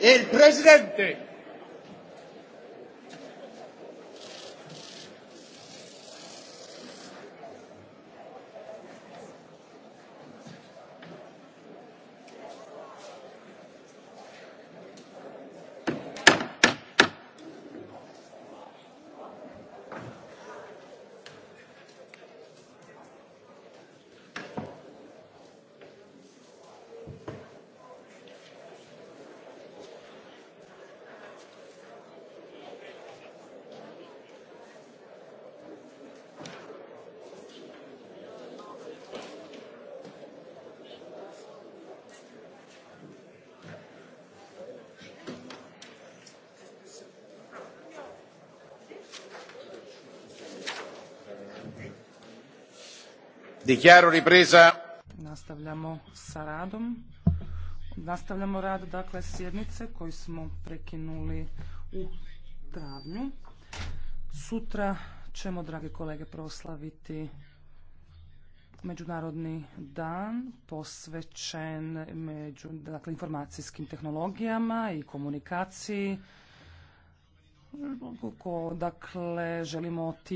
El presidente. Dichiaro Nastavljamo sa radom. Nastavljamo rad dakle sjednice koju smo prekinuli u travnju. Sutra ćemo, dragi kolege, proslaviti Međunarodni dan posvećen dakle, informacijskim tehnologijama i komunikaciji. dakle, želimo ti